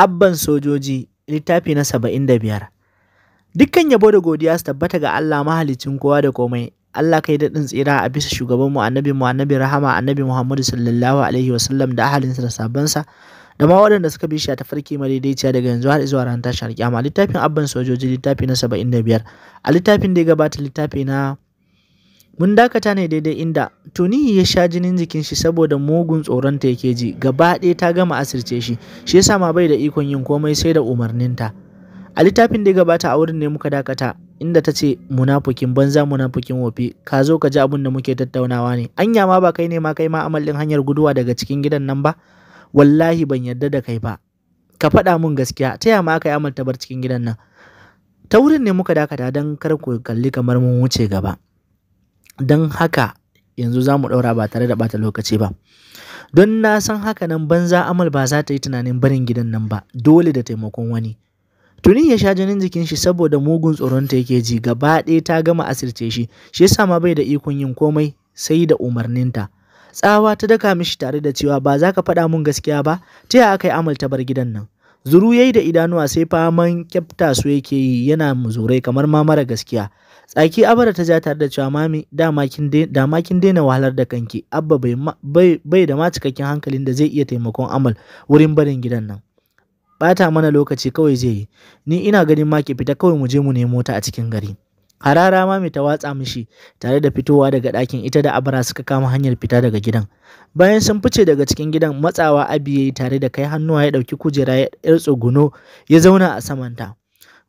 Abban Sojoji littafi na saba'in da biyar. Dukkan yabo da godiya su tabbata ga Allah mahalicin kowa da komai. Allah kai daɗin tsira a bisa shugabanmu annabi mu annabi rahama annabi Muhammadu sallallahu alaihi wasallam da ahalinsa da sabansa da ma waɗanda suka bi shi ta farki daidaiciya daga yanzu har zuwa ran tashar kiyama littafin abban sojoji littafi na saba'in da biyar a littafin da ya gabata littafi na Mun dakata ne daidai inda tuni ya sha jinin jikin shi saboda mugun tsoronta yake ji gaba ɗaya ta gama asirce shi shi yasa ma bai da ikon yin komai sai da umarninta. A littafin da ya gabata a wurin ne muka dakata inda ta ce munafukin banza munafukin wofi ka zo ka ji abin da muke tattaunawa ne anya ma ba kai ne ma kai ma amal hanyar guduwa daga cikin gidan nan ba wallahi ban yarda da kai ba ka faɗa mun gaskiya ta ma aka amal bar cikin gidan nan ta wurin ne muka dakata don kar ku kalli kamar mun wuce gaba don haka yanzu za mu ɗaura ba tare da ɓata lokaci ba don na san haka nan banza amal ba za ta yi tunanin barin gidan nan ba dole da taimakon wani tuni ya sha jinin jikin shi saboda mugun tsoron ta yake ji gaba ɗaya ta gama asirce shi shi yasa ma bai da ikon yin komai sai da umarninta tsawa ta daka mishi tare da cewa ba za ka faɗa mun gaskiya ba ta yaya aka yi amal ta bar gidan nan zuru yayi da idanuwa sai faman kyafta su yake yi yana muzurai kamar ma mara gaskiya Tsaki Abara ta ja tare da cewa mami dama kin daina wahalar da kanki abba bai da ma cikakken hankalin da zai iya taimakon amal wurin barin gidan nan. Bata mana lokaci kawai zai yi, ni ina ganin ma ki fita kawai mu je mu nemo ta a cikin gari. Harara mami ta watsa mishi tare da fitowa daga ɗakin ita da Abara suka kama hanyar fita daga gidan. Bayan sun fice daga cikin gidan matsawa Abi ya tare da kai hannuwa ya ɗauki kujera ya tsuguno ya zauna a samanta.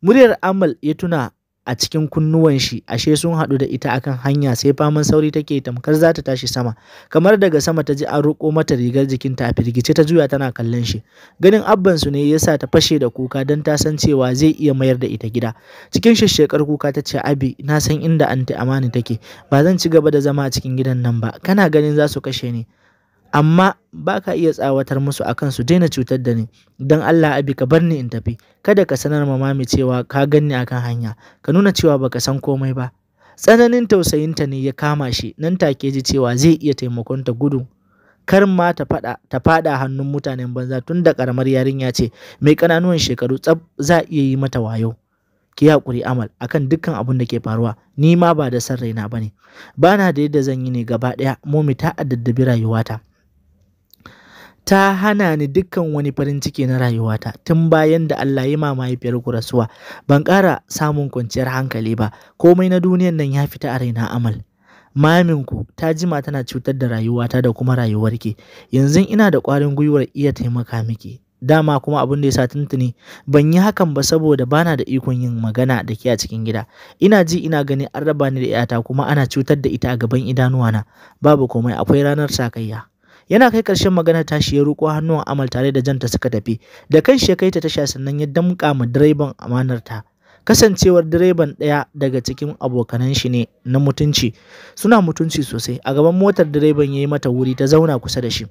Muryar Amal ya tuna a cikin kunnuwan shi ashe sun haɗu da ita akan hanya sai faman sauri take tamkar za ta tashi sama kamar daga sama ta ji an roƙo mata rigar jikinta a firgice ta juya tana kallon shi ganin abban su ne yasa ta fashe da kuka dan ta san cewa zai iya mayar da ita gida cikin shashshekar kuka ta ce abi na san inda anti amani take ba zan ci gaba da zama a cikin gidan nan ba kana ganin za su kashe ni amma ba ka iya tsawatar musu akan su daina cutar da ni. Don Allah Abi ka bar ni in tafi. Kada ka sanar ma Mami cewa ka gan akan hanya. Ka nuna cewa baka san komai ba. Tsananin tausayinta ne ya kama shi nan take ji cewa zai iya taimakon ta gudu. Kar ma ta fada ta fada hannun mutanen banza tun da karamar yarinya ce mai kananuwan shekaru tsab za iya yi mata wayo. ki hakuri amal akan dukkan abin da ke faruwa ni ma ba da san raina bane bana da yadda zan yi ne gaba ɗaya momi ta addabi rayuwata ta hana ni dukkan wani farin ciki na rayuwata tun bayan da Allah ya ma ku rasuwa ban ƙara samun kwanciyar hankali ba komai na duniyan nan ya fita a raina amal maminku ta jima tana cutar da rayuwata da kuma rayuwarki yanzu ina da ƙwarin gwiwar iya taimaka miki dama kuma abin da ya sa tuntuni ban yi hakan ba saboda bana da ikon yin magana da ke a cikin gida ina ji ina gani an raba ni da 'yata kuma ana cutar da ita a gaban idanuwana babu komai akwai ranar sakayya yana kai ƙarshen ta shi ya roƙo hannuwan amal tare da janta suka tafi da kan shi ya kai ta tasha sannan ya damƙa ma direban amanar ta kasancewar direban ɗaya daga cikin abokanan shi ne na mutunci suna mutunci sosai a gaban motar direban ya yi mata wuri ta zauna kusa da shi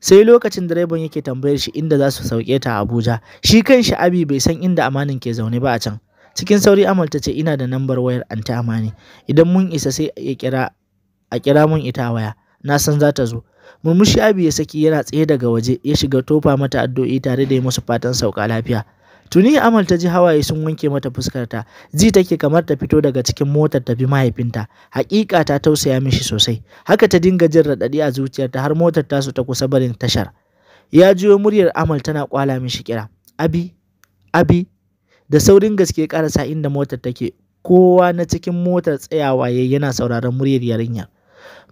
sai lokacin direban yake tambayar shi inda za su sauke ta abuja shi kan shi abi bai san inda amanin ke zaune ba a can cikin sauri amal ta ce ina da nambar wayar anti amani idan mun isa sai a kira mun ita waya na san za ta zo Murmushi Abi ya saki yana tsaye daga waje ya shiga tofa mata addu'o'i tare da yi musu fatan sauka lafiya. Tuni Amal ta ji hawaye sun wanke mata fuskar ta ji take kamar ta fito daga cikin motar ta tafi mahaifinta. Haƙiƙa ta tausaya mishi sosai. Haka ta dinga jin raɗaɗi a zuciyarta har motar ta su ta kusa barin tashar. Ya jiyo muryar Amal tana kwala mishi kira. Abi, Abi, da saurin gaske karasa inda motar take. Kowa na cikin motar tsayawa yana sauraron muryar yarinyar.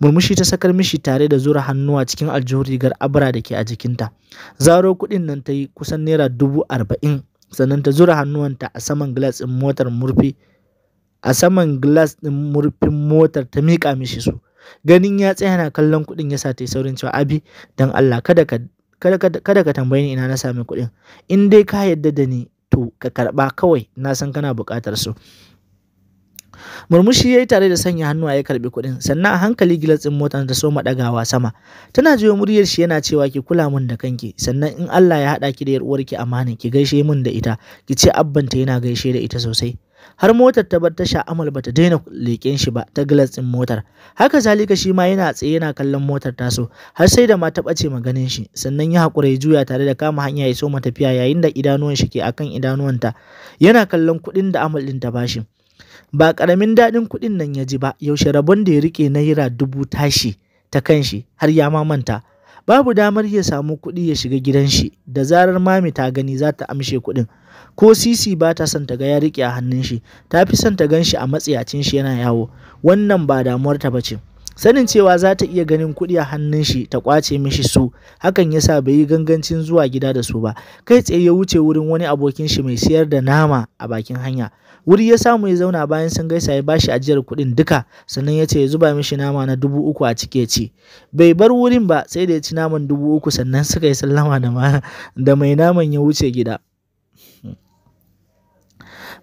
murmushi ta sakar mishi tare da zura hannuwa cikin aljihun rigar abra da ke a jikinta zaro kuɗin nan ta yi kusan naira dubu arba'in sannan ta zura hannuwanta a saman glass ɗin motar murfi a saman glass ɗin murfin motar ta miƙa mishi su ganin ya tsaya na kallon kuɗin yasa ta yi saurin cewa abi don allah kada ka kada ka tambaye ni ina na sami kuɗin in dai ka yarda da ni to ka karɓa kawai na san kana buƙatar su murmushi ya yi tare da sanya hannu ya karbi kuɗin sannan a hankali gilatsin motar ta soma ɗagawa sama tana jiyo muryar shi yana cewa ki kula mun da kanki sannan in Allah ya haɗa ki da yar ki amana ki gaishe mun da ita ki ce abbanta yana gaishe da ita sosai har motar ta bar tasha amal bata daina leƙen shi ba ta gilatsin motar haka zalika shi ma yana tsaye yana kallon motar so, har sai da ma ta ɓace maganin shi sannan ya haƙura ya juya tare da kama hanya ya so soma tafiya yayin da idanuwan shi ke akan idanuwanta yana kallon kuɗin da amal ɗin ta bashi Ba ƙaramin daɗin kuɗin nan ya ji ba, yaushe rabon da ya riƙe naira dubu tashi ta kanshi har ya ma manta. Babu damar ya samu kuɗi ya shiga gidan shi, da zarar mami ta gani za ta amshe kuɗin. Ko sisi ba ta son ta ga ya riƙe a hannun shi, ta fi son ta gan shi a matsiyacin shi yana yawo. Wannan ba damuwar ta ce. sanin cewa za ta iya ganin kuɗi a hannun shi ta kwace mishi su hakan yasa bai yi gangancin zuwa gida da su ba kai tsaye ya wuce wurin wani abokin shi mai siyar da nama a bakin hanya wuri ya samu ya zauna bayan sun gaisa ya bashi ajiyar kuɗin duka sannan ya ce ya zuba mishi nama na dubu uku a cike ci bai bar wurin ba sai da ya ci naman dubu uku sannan suka yi sallama da mai naman ya wuce gida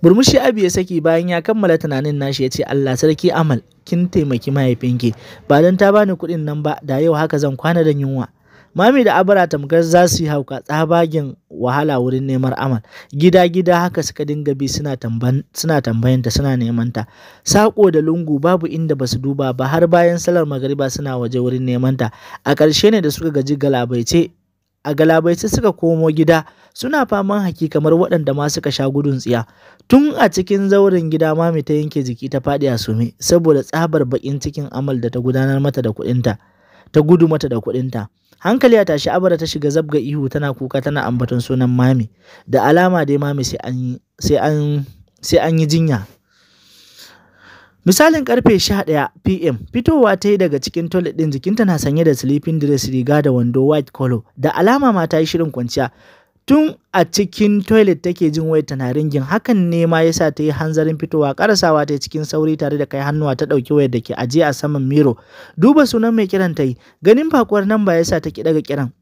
Burmushi Abi ya saki bayan ya kammala tunanin nashi ya ce Allah sarki Amal kin taimaki mahaifinki ba don ta bani kuɗin nan ba da yau haka zan kwana da yunwa. Mami da Abara tamkar za su yi hauka tsabagen wahala wurin neman amal. Gida-gida haka suka dinga bi suna tambayanta suna nemanta. Sako da lungu babu inda basu duba ba har bayan salar magariba suna waje wurin nemanta. A ƙarshe ne da suka gaji galabaice a galabaice suka komo gida suna faman haki kamar waɗanda ma suka sha gudun tsiya tun a cikin zauren gida mami ta yanke jiki ta faɗi a sume saboda tsabar baƙin cikin amal da ta gudanar mata da kuɗinta ta gudu mata da kuɗinta hankali a tashi abara ta shiga zabga ihu tana kuka tana ambaton sunan mami da alama dai mami sai an sai an sai an yi jinya Misalin karfe 11 PM fitowa ta yi daga cikin toilet ɗin jikinta na sanye da sleeping dress riga da wando white color da alama ma ta yi shirin kwanciya. Tun a cikin toilet take jin wai tana ringin hakan ne ma yasa ta yi hanzarin fitowa karasawa ta cikin sauri tare da kai hannuwa ta ɗauki wayar da ke ajiye a saman miro. Duba sunan mai kiran ta yi ganin bakuwar nan ba yasa ta ki daga kiran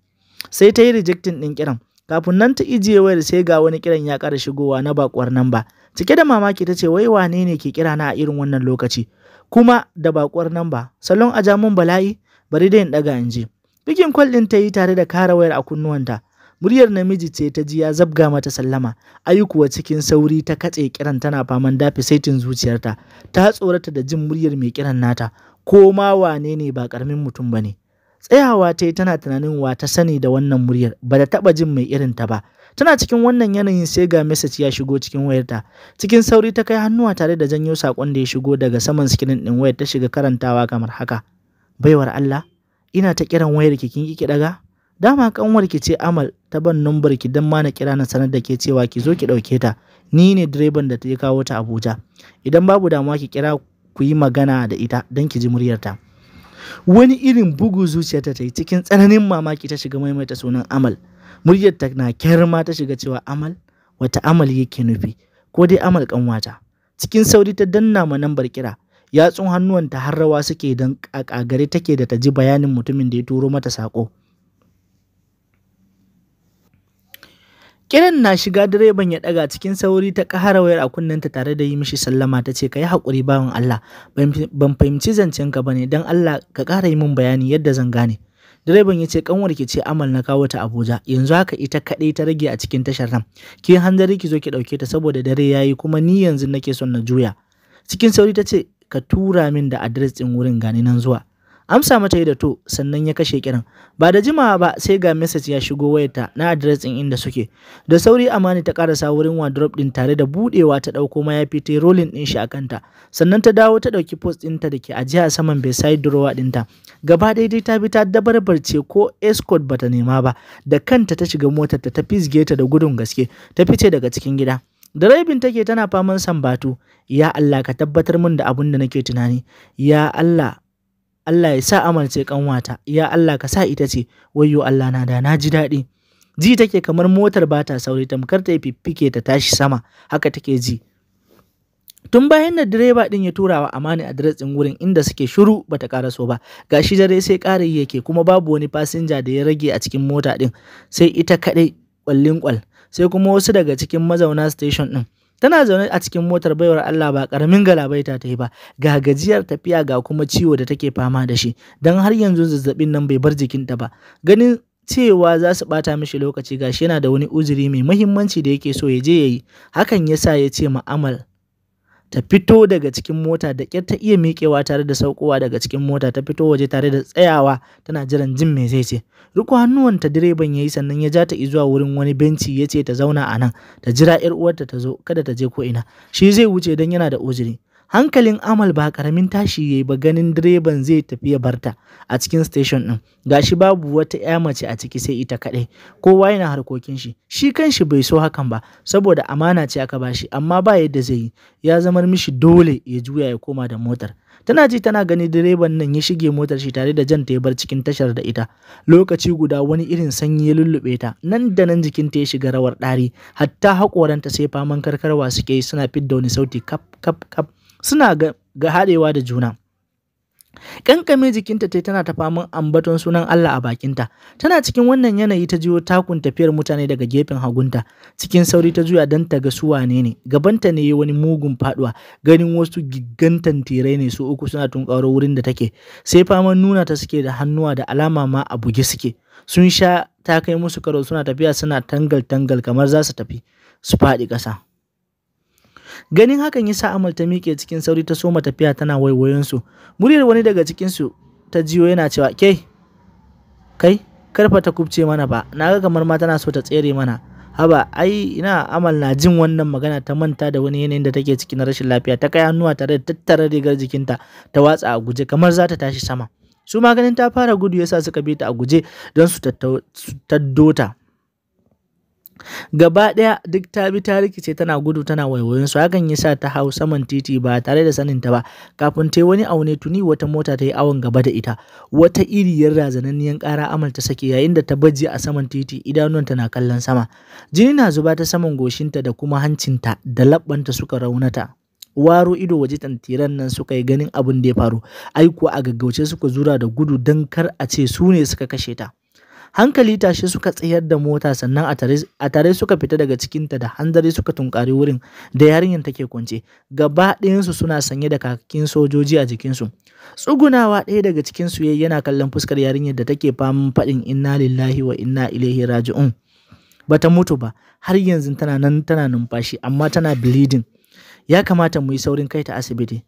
sai ta yi rejecting ɗin kiran. Kafin nan ta ijiye wayar sai ga wani kiran ya ƙara shigowa na nan namba. Cike da mamaki ta ce wai wane ne ke kira na a irin wannan lokaci? Kuma da nan namba, salon a bala'i bari dai in daga in je. Bikin kwal din ta yi tare da kara wayar a kunnuwanta. muryar namiji ce ta ji ya zabga mata sallama ayi kuwa cikin sauri ta katse kiran tana faman dafi saitin zuciyarta ta tsorata da jin muryar mai kiran nata ko ma wane ne ba karamin mutum ba ne tsayawa ta yi tana tunanin wa ta sani da wannan muryar ba da taɓa jin mai irin ta ba tana cikin wannan yanayin sai ga message ya shigo cikin wayarta cikin sauri ta kai hannuwa tare da janyo saƙon da ya shigo daga saman screen ɗin wayar ta shiga karantawa kamar haka baiwar Allah ina ta kiran wayar ki kin ki daga dama kanwar ki ce Amal ta ban number ki dan ma na kira na sanar da ke cewa ki zo ki dauke ta ni ne direban da ta kawo ta Abuja idan babu damuwa ki kira ku yi magana da ita dan ki ji muryarta wani irin bugu zuciyarta ta yi cikin tsananin mamaki ta shiga maimaita sunan amal muryarta ta na kyarma ta shiga cewa amal wata amal yake nufi ko dai amal kanwata cikin sauri ta danna ma nambar kira yatsun hannuwanta har rawa suke don a kagare take da ta ji bayanin mutumin da ya turo mata sako Kiran na shiga direban ya ɗaga cikin sauri ta ƙahara wayar a kunnenta tare da yi mishi sallama ta ce ka yi haƙuri bawan Allah ban fahimci zancenka ba ne don Allah ka ƙara yi min bayani yadda zan gane. Direban ya ce kanwar ki ce amal na kawo ta Abuja yanzu haka ita kaɗai ta rage a cikin tashar nan ki hanzari ki zo ki ɗauke ta saboda dare yayi kuma ni yanzu nake son na juya. Cikin sauri ta ce ka tura min da adres ɗin wurin gane nan zuwa. amsa mata yi da to sannan ya kashe kiran ba da jimawa ba sai ga message ya shigo wayarta na address din inda suke da sauri amani ta karasa wurin wardrobe din tare da budewa ta dauko mayafi ta rolling din shi a kanta sannan ta dawo ta dauki post din da ke ajiya a saman beside drawer dinta gaba daidai ta bi ta dabarbarce ko escort bata nema ba da kanta ta shiga motar ta ta fizge ta da gudun gaske ta fice daga cikin gida Direbin take tana faman sambatu, ya Allah ka tabbatar min da abun da nake tunani, ya Allah Allah ya sa amince kanwata ya Allah ka sa ita ce wayyo Allah na da na ji daɗi ji take kamar motar ba ta sauri tamkar ta fiffike ta tashi sama haka take ji tun bayan da direba din ya turawa amani a din wurin inda suke shiru bata karaso ba gashi dare sai ƙari yake kuma babu wani fasinja da ya rage a cikin mota din sai ita kadai kwallin kwal sai kuma wasu daga cikin mazauna station din tana zaune a cikin motar baiwar Allah ba karamin galabaita ta yi ba ga gajiyar tafiya ga kuma ciwo da take fama da shi don har yanzu zazzabin nan bai bar jikinta ba ganin cewa za su bata mishi lokaci gashi yana da wani uzuri mai muhimmanci da yake so ya je ya yi hakan yasa ya ce ma'amal ta fito daga cikin mota da ƙyar ta iya miƙewa tare da saukowa daga cikin mota ta fito waje tare da tsayawa tana jiran jin me zai ce riko hannuwanta direban yayi sannan ya ja ta zuwa wurin wani benci ya ce ta zauna a nan ta jira 'yar uwarta ta zo kada ta je ko ina shi zai wuce don yana da ujiri hankalin amal ba karamin tashi yayi ba ganin direban zai tafi ya barta a cikin station din gashi babu wata ƴa mace a ciki sai ita kadai kowa yana harkokin shi shi kanshi bai so hakan ba saboda amana ce aka bashi amma ba yadda zai yi ya zamar mishi dole ya juya ya koma da motar tana ji tana gani direban nan ya shige motar shi tare da jan ta ya bar cikin tashar da ita lokaci guda wani irin sanyi ya lullube ta nan da nan jikin ta ya shiga rawar ɗari hatta hakoranta sai faman karkarwa suke suna fidda wani sauti kap kap kap suna ga, haɗewa da juna Ƙanƙamin jikinta tai tana ta faman ambaton sunan Allah a bakinta. Tana cikin wannan yanayi ta jiwo takun tafiyar mutane daga gefen hagunta. Cikin sauri ta juya don ta ga su wane ne. Gabanta ne wani mugun faduwa. Ganin wasu gigantan tirai ne su uku suna tunƙaro wurin da take. Sai faman nuna ta suke da hannuwa da alama ma a buge suke. Sun sha ta kai musu karo suna tafiya suna tangal tangal kamar za su tafi. Su faɗi ƙasa. ganin hakan ya sa amal ta miƙe cikin sauri ta soma tafiya tana su. muryar wani daga cikinsu ta jiyo yana cewa ke kai karfa ta kubce mana ba na ga kamar ma tana so ta tsere mana haba ai ina amal na jin wannan magana ta manta da wani yanayin da take cikin rashin lafiya ta kai hannuwa tare da tattara rigar jikinta ta watsa a guje kamar za ta tashi sama su ma ganin ta fara gudu yasa suka bi ta a guje don su taddota gaba ɗaya duk ta bi ta rikice tana gudu tana waiwayin su hakan yasa ta hau saman titi ba tare da saninta ba kafin ta wani aune tuni wata mota ta yi awon gaba da ita wata iri iriyar razananniyan ƙara amal ta sake yayin da ta baje a saman titi ta na kallon sama jini na zuba ta saman goshinta da kuma hancinta da labbanta suka raunata waro ido waje tantiran nan suka yi ganin abin da ya faru ai a gaggauce suka zura da gudu don kar a ce su ne suka kashe ta hankali tashi suka tsayar da mota sannan a tare suka fita daga cikinta da hanzari suka tunkari wurin da yarinyar take kwance gaba ɗayansu suna sanye da kakakin sojoji a jikinsu tsugunawa ɗaya daga cikinsu yayi yana kallon fuskar yarinyar da take faman faɗin inna lillahi wa inna ilaihi raji'un bata mutu ba har yanzu tana nan tana numfashi amma tana bleeding ya kamata mu yi saurin kai ta asibiti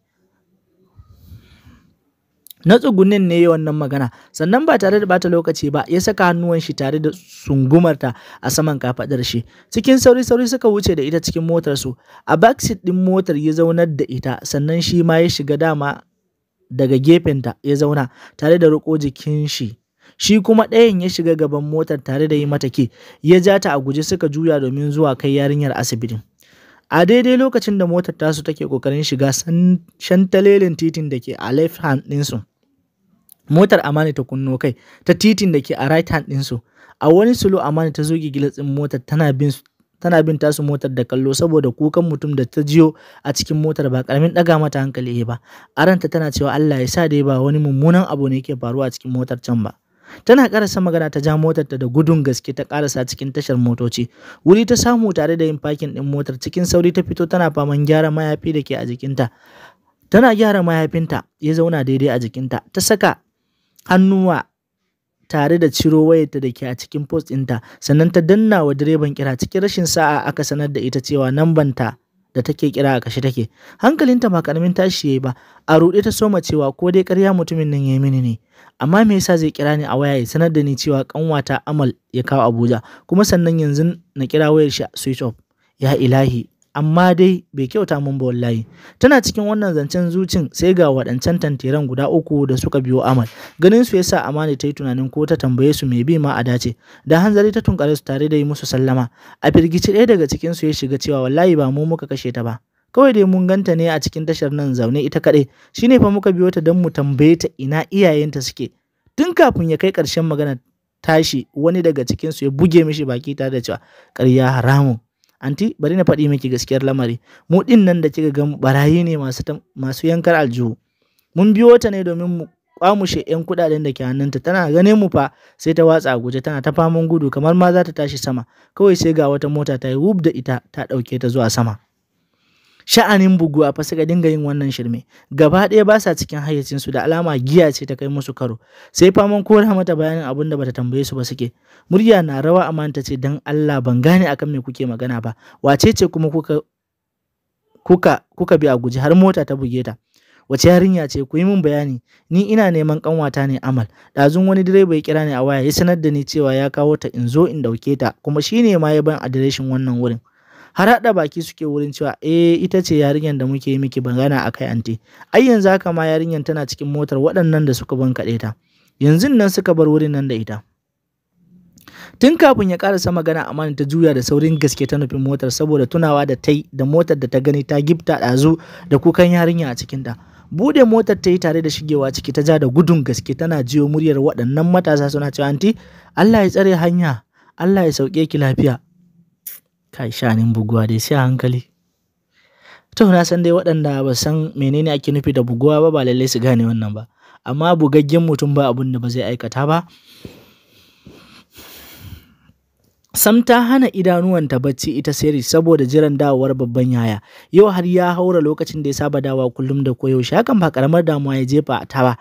na tsugunin ne wannan magana sannan ba tare da bata lokaci ba ya saka hannuwan shi tare da sungumarta a saman kafadar shi cikin sauri sauri suka wuce da ita cikin motar su a backseat din motar ya zaunar da ita sannan shi ma ya shiga dama daga gefenta ya zauna tare da riko jikin shi shi kuma ɗayan ya shiga gaban motar tare da yi mata ke ya ja ta a guje suka juya domin zuwa kai yarinyar asibitin a daidai lokacin da motar tasu take kokarin shiga shantalelin titin da ke a left hand ɗinsu motar amani ta kunno kai ta titin da ke a right hand su a wani sulo amani ta zo gilatsin motar tana bin tana bin tasu motar da kallo saboda kukan mutum da ta jiyo a cikin motar ba karamin daga mata hankali ya ba aranta tana cewa Allah ya sa dai ba wani mummunan abu ne yake faruwa a cikin motar can ba tana karasa magana ta ja motar ta da gudun gaske ta karasa cikin tashar motoci wuri ta samu tare da yin fakin din motar cikin sauri ta fito tana faman gyara mayafi da a jikinta tana gyara mayafinta ya zauna daidai a jikinta ta saka hannuwa tare da ciro wayarta da ke a cikin post ɗinta sannan ta danna wa direban kira cikin rashin sa'a aka sanar da ita cewa nambanta da take kira a kashe take hankalinta ba karamin tashi yayi ba a ruɗe ta soma cewa ko dai ƙarya mutumin nan yayi mini ne amma me yasa zai kira ni a waya ya sanar da ni cewa kanwata amal ya kawo abuja kuma sannan yanzu na kira wayar shi switch off ya ilahi amma dai bai kyauta mun ba wallahi tana cikin wannan zancen zucin sai ga waɗancan tantiran guda uku da suka biyo amal ganin su yasa amani ta yi tunanin ko ta tambaye su mai bi ma a dace da hanzari ta tunkare su tare da yi musu sallama a firgici ɗaya daga cikin su ya shiga cewa wallahi ba mu muka kashe ta ba kawai dai mun ganta ne a cikin tashar nan zaune ita kaɗai shine fa muka biyo ta don mu tambaye ta ina iyayenta suke tun kafin ya kai ƙarshen magana tashi wani daga cikin su ya buge mishi baki tare da cewa ƙarya haramun anti bari na faɗi miki gaskiyar lamari mu ɗin nan da kika ga barayi ne masu masu yankar aljihu mun biyo ta ne domin mu kwamushe yan kuɗaɗen da ke hannunta tana ganin mu fa sai ta watsa a guje tana ta faman gudu kamar ma za ta tashi sama kawai sai ga wata mota ta yi wub da ita ta ɗauke ta zuwa sama sha'anin buguwa fa suka dinga yin wannan shirme gaba ɗaya ba sa cikin hayyacinsu da alama giya ce ta kai musu karo sai faman kora mata bayanin abin da bata tambaye su ba suke murya na rawa amanta ta ce dan Allah ban gane akan me kuke magana ba wace ce kuma kuka kuka kuka bi a guji har mota ta buge ta wace yarinya ce ku yi min bayani ni ina neman kanwata ne amal ɗazun wani direba ya kira ni a waya ya sanar da ni cewa ya kawo ta in zo in ɗauke ta kuma shine ma ya ban adireshin wannan wurin har haɗa baki suke wurin cewa eh ita ce yarinyar da muke yi miki magana a kai anti ai yanzu haka ma yarinyar tana cikin motar waɗannan da suka kaɗe ta yanzu nan suka bar wurin nan da ita tun kafin ya karasa magana amana ta juya da saurin gaske ta nufin motar saboda tunawa da tai da motar da ta gani ta gifta ɗazu da kukan yarinya a cikinta bude motar ta yi tare da shigewa ciki ta ja da gudun gaske tana jiyo muryar waɗannan matasa suna cewa anti Allah ya tsare hanya Allah ya sauke ki lafiya kai shanin buguwa dai sai a hankali to na san dai waɗanda ba san menene ake nufi da buguwa ba ba lallai su gane wannan ba amma bugaggen mutum ba abun da ba zai aikata ba Sam ta hana idanuwanta bacci ita sirri saboda jiran dawowar babban yaya. Yau har ya haura lokacin da ya saba dawa kullum da koyaushe hakan ba karamar damuwa ya jefa ta ba.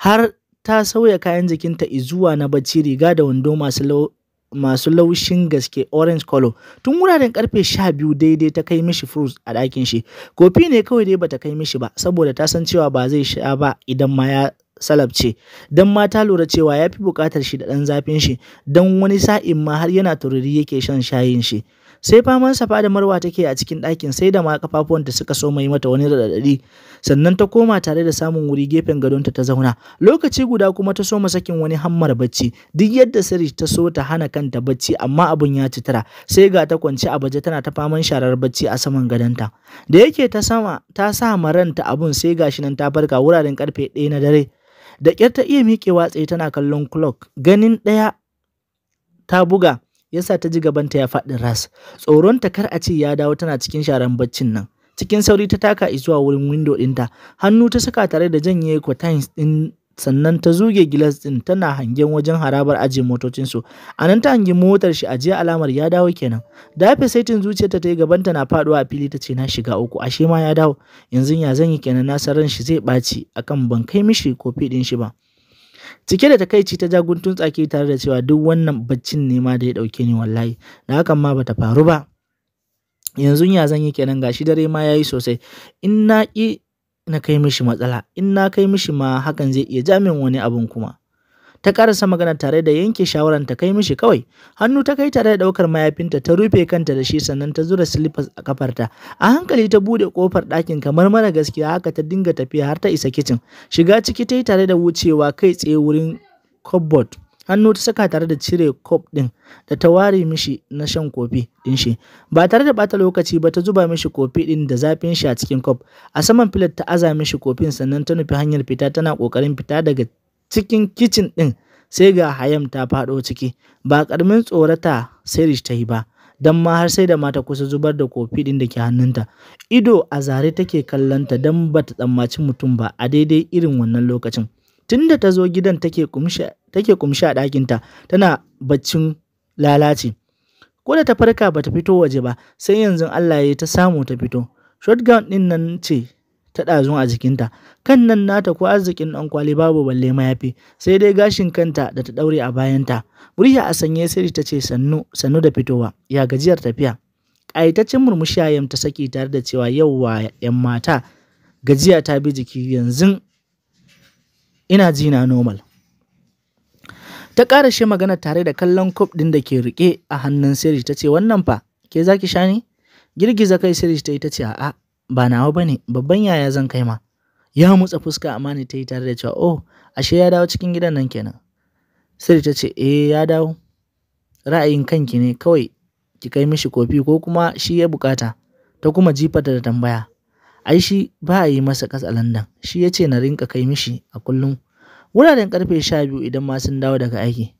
Har ta sauya kayan jikinta izuwa na bacci riga da wando masu masu laushin gaske orange color tun wuraren karfe biyu daidai ta kai mishi fruits a ɗakin shi kofi ne kawai dai bata kai mishi ba saboda ta san cewa ba zai sha ba idan ma ya salabce don ma ta lura cewa ya fi buƙatar shi da ɗan zafin shi don wani sa'in ma har yana tururi yake shan shayin shi sai faman safa da marwa take a cikin ɗakin sai da ma kafafuwan ta suka so yi mata wani radadi sannan ta koma tare da samun wuri gefen gadonta ta zauna lokaci guda kuma ta soma sakin wani hammar bacci duk yadda sirri ta so ta hana kanta bacci amma abun ya ci tara sai ga ta kwance a baje tana ta faman sharar bacci a saman gadonta da yake ta sama ta sa maranta abun sai gashi nan ta farka wuraren karfe 1 na dare da kyar ta iya miƙewa tsaye tana kallon clock ganin ɗaya ta buga yasa ta ji gabanta ya faɗi ras tsoron ta kar a ce ya dawo tana cikin sharan baccin nan cikin sauri ta taka zuwa wurin window ɗinta hannu ta saka tare da janye kwatines ɗin sannan ta zuge gilas ɗin tana hangen wajen harabar ajiye motocinsu a nan ta hangi motar shi ajiye alamar ya dawo kenan dafe saitin zuciyarta ta yi gabanta na faɗuwa a fili ta ce na shiga uku ashe ma ya dawo yanzu ya zanyi kenan na san shi zai ɓaci akan ban kai mishi kofi ɗin shi ba cike da takaici ta jaguntun tsaki tare da cewa duk wannan baccin ne ma da ya dauke ni wallahi da hakan ma bata faru ba yanzu ya zan yi kenan gashi dare ma yayi sosai in na ki na kai mishi matsala in na kai mishi ma hakan zai iya jamin wani abun kuma ta karasa magana tare da yanke shawaran ta kai mishi kawai hannu ta kai tare da daukar mayafinta ta rufe kanta da shi sannan ta zura slippers a kafarta a hankali ta bude kofar ɗakin kamar mara gaskiya haka ta dinga tafiya har ta isa kicin shiga ciki ta yi tare da wucewa kai tsaye wurin cupboard hannu ta saka tare da cire kob ɗin da ta ware mishi na shan kofi din shi ba tare da bata lokaci ba ta zuba mishi kofi ɗin da zafin shi a cikin kof? a saman filet ta aza mishi kofin sannan ta nufi hanyar fita tana kokarin fita daga cikin kicin ɗin sai ga hayam ta faɗo ciki ba ƙaramin tsorata rish ta yi ba don ma har sai da mata kusa zubar da kofi ɗin da ke hannunta ido a zare take kallonta don ba ta tsammaci mutum ba a daidai irin wannan lokacin Tun da ta zo gidan take kumshi a ɗakinta tana baccin lalace. ko da ta farka ba ta fito waje ba sai yanzu Allah ya ta samu ta fito shotgun ɗin nan ce ta ɗazun a jikinta kan nan nata ko arzikin ɗan kwali babu balle mayafi sai dai gashin kanta da ta ɗaure a bayanta murya a sanye sirri ta ce sannu sannu da fitowa ya gajiyar tafiya ƙayataccen murmushi a yamta saki tare da cewa yauwa yan mata gajiya ta bi jiki yanzu ina ji na normal ta ƙara shi magana tare da kallon kop ɗin da ke riƙe a hannun sirri ta ce wannan fa ke zaki sha ne girgiza kai sirri ta yi ta ce a'a ba nawa bane babban yaya zan kai ma ya motsa fuska amani ta yi tare da cewa oh ashe ya dawo cikin gidan nan kenan sirri ta ce eh ya dawo ra'ayin kanki ne kawai ki kai mishi kofi ko kuma shi ya bukata ta kuma jifata da tambaya ai shi ba a yi masa katsalandan shi ya ce na rinka kai mishi a kullum wuraren karfe sha biyu idan ma sun dawo daga aiki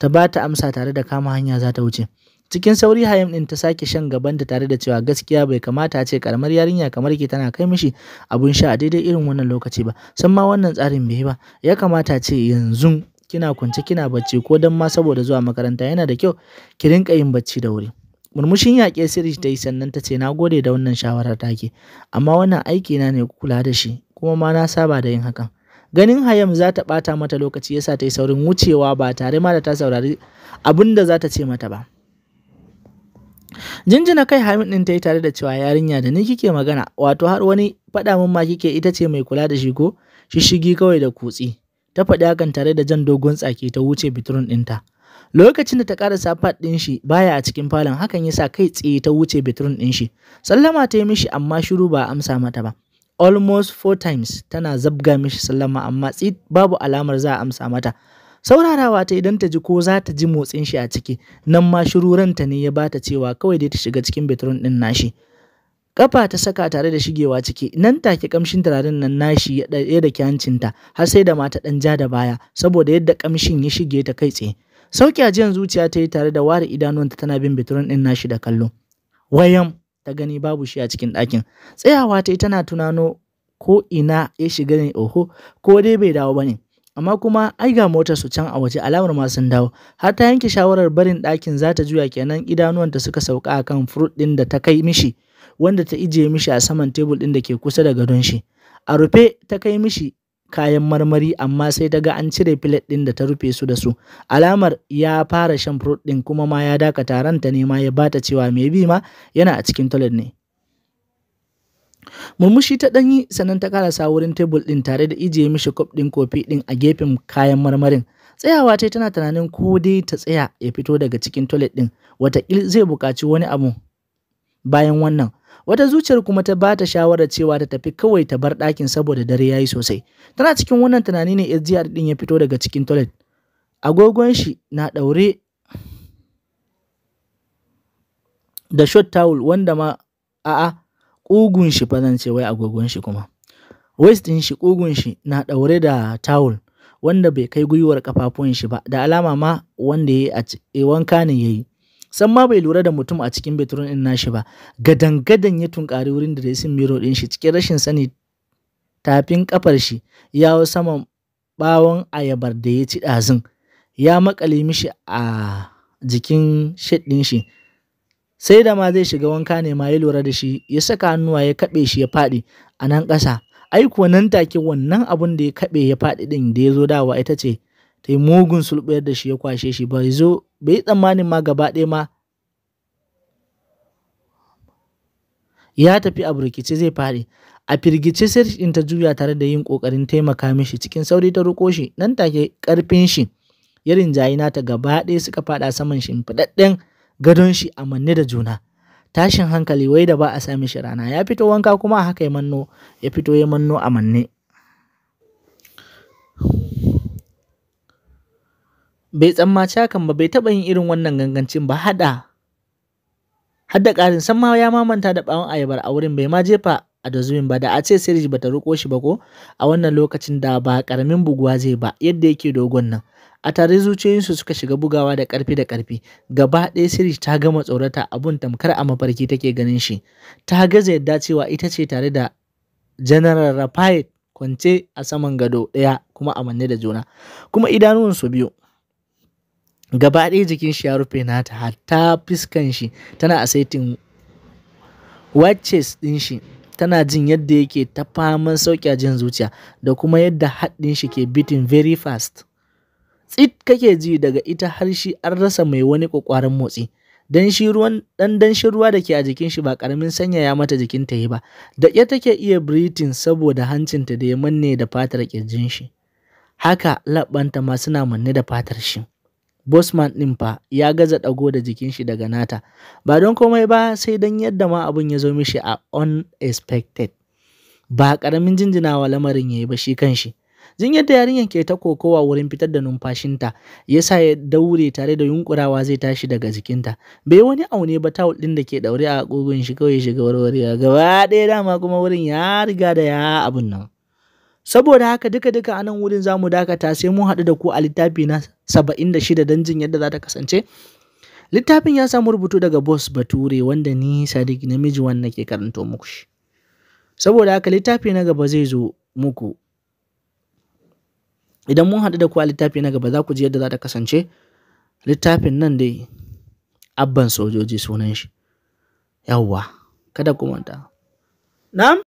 ta ba ta amsa tare da kama hanya za ta wuce Cikin sauri Hayam ɗin ta sake shan gaban ta tare da cewa gaskiya bai kamata a ce karamar yarinya kamar ke tana kai mishi abun sha a daidai irin wannan lokaci ba. San ma wannan tsarin bai ba. Ya kamata a ce yanzu kina kwance kina bacci ko dan ma saboda zuwa makaranta yana da kyau ki rinka yin bacci da wuri. murmushin yaƙe sirri ta yi sannan ta ce na gode da wannan shawarar take amma wannan aiki na ne kula da shi kuma ma na saba da yin hakan ganin hayam za ta ɓata mata lokaci yasa ta yi saurin wucewa ba tare ma da ta saurari abin da za ta ce mata ba jinjina kai hamid ɗin ta yi tare da cewa yarinya da ni kike magana wato har wani faɗa min ma kike ita ce mai kula da shi ko shishigi kawai da kutsi ta faɗi hakan tare da jan dogon tsaki ta wuce bitrun ɗinta lokacin da ta karasa fat ɗin shi baya a cikin falon hakan yasa kai tsaye ta wuce bitrun ɗin shi sallama ta yi mishi amma shiru ba amsa mata ba almost four times tana zabga mishi sallama amma tsit babu alamar za a amsa mata saurarawa ta idan ta ji ko za ta ji motsin shi a ciki nan ma shiruranta ne ya bata cewa kawai dai ta shiga cikin betron din nashi kafa ta saka tare da shigewa ciki nan take kamshin turaren nan nashi ya da kyancinta har sai da mata dan ja da baya saboda yadda kamshin ya shige ta kai tsaye sauki ajiyan zuciya ta yi tare da ware idanuwanta tana bin betron din nashi da kallo wayam ta gani babu shi a cikin ɗakin tsayawa ta yi tana tunano ko ina ya shiga ne oho ko dai bai dawo ba ne amma kuma ai ga motar su can a waje alamar ma sun dawo har ta yanke shawarar barin ɗakin za ta juya kenan idanuwanta suka sauka a kan furut ɗin da ta kai mishi wanda ta ijiye mishi a saman tebul ɗin da ke kusa da gadon shi a rufe ta kai mishi kayan marmari amma sai ta ga an cire filet ɗin da ta rufe su da su alamar ya fara shan furut ɗin kuma ma ya dakata ranta ne ma ya bata cewa mai bi ma yana a cikin toilet ne murmushi ta ɗanyi sannan ta karasa wurin tebul ɗin tare da ijiye mishi kwaf ɗin kofi ɗin a gefen kayan marmarin tsayawa ce tana tunanin ko dai ta tsaya ya fito daga cikin toilet ɗin watakil zai buƙaci wani abu bayan wannan wata zuciyar kuma ta bata shawarar cewa ta tafi kawai ta bar ɗakin saboda dare yayi sosai tana cikin wannan tunani ne SGR ɗin ya fito daga cikin toilet agogon shi na ɗaure da shot towel wanda ma a'a ƙugun shi fa zan ce wai agogon shi kuma waist din shi ƙugun shi na ɗaure da tawul wanda bai kai gwiwar kafafun shi ba da alama ma wanda ya yi wanka ne ya san ma bai lura da mutum a cikin betrun din nashi ba gadan gadan ya tunkari wurin da dressing miro din shi cikin rashin sani tafin kafar shi ya hau saman bawon ayabar da ya ci ɗazun ya makale mishi a jikin shit ɗin shi sai da ma zai shiga wanka ne ma ya lura da shi ya saka hannuwa ya kaɓe shi ya faɗi a nan ƙasa ai kuwa nan take wannan abun da ya kaɓe ya faɗi ɗin da ya zo dawa ita ce ta yi mugun sulɓuyar da shi ya kwashe shi ba zo bai yi tsammanin ma gaba ɗaya ma ya tafi a burkice zai faɗi a firgice sai in ta juya tare da yin ƙoƙarin taimaka mishi cikin sauri ta roƙo shi nan take ƙarfin shi ya rinjayi nata gaba ɗaya suka faɗa saman shimfiɗaɗɗen gadon shi a manne da juna tashin hankali wai da ba a sami shi rana ya fito wanka kuma a haka ya manno ya fito ya manno a manne bai tsammaci hakan ba bai taɓa yin irin wannan gangancin ba hada hada ƙarin san ma ya mamanta da bawon ayabar a wurin bai ma jefa a dozumin ba da a ce Serge bata riko shi ba ko a wannan lokacin da ba karamin buguwa zai ba yadda yake dogon nan a tare zuciyoyinsu suka shiga bugawa da karfi da karfi gaba ɗaya Sirri ta gama tsorata abun tamkar a mafarki take ganin shi ta gaza yadda cewa ita ce tare da General Raphael kwance a saman gado ɗaya kuma a manne da juna kuma su biyu gaba ɗaya jikin shi ya rufe nata hatta fiskan shi tana a saitin watches ɗin shi tana jin yadda yake ta faman sauƙi a jin zuciya da kuma yadda haɗin shi ke bitin very fast tsit kake ji daga ita har shi an rasa mai wani ƙwaƙwaran motsi dan shi ruwan dan danshin ruwa da ke a jikin shi ba karamin sanyaya mata jikin ta yi ba da ya take iya breathing saboda hancinta da ya manne da fatar kirjin shi haka laɓanta ma suna manne da fatar shi Bosman ɗin fa ya gaza ɗago da jikin shi daga nata, ba don komai ba sai don yadda ma abun ya zo mishi a unexpected. Ba ƙaramin jinjinawa lamarin ya yi ba shi kanshi. Jin yadda yarinyar ke ta kokowa wurin fitar da numfashinta, ya sa ya daure tare da yunkurawa zai tashi daga jikinta. Bai wani aune ba tawul ɗin da ke ɗaure a ƙugun shi kawai shiga warwarewa gaba ɗaya dama kuma wurin ya riga da ya abun nan. saboda haka duka duka a nan wurin zamu dakata sai mun haɗu da ku a littafi na 76 don jin yadda za ta kasance littafin ya samu rubutu daga boss bature wanda ni sadiq namiji wanda ke karanto muku shi saboda haka littafi na gaba zai zo muku idan mun haɗu da ku a littafi na gaba za ku ji yadda za ta kasance littafin nan dai abban sojoji sunan shi yawwa kada ku manta na'am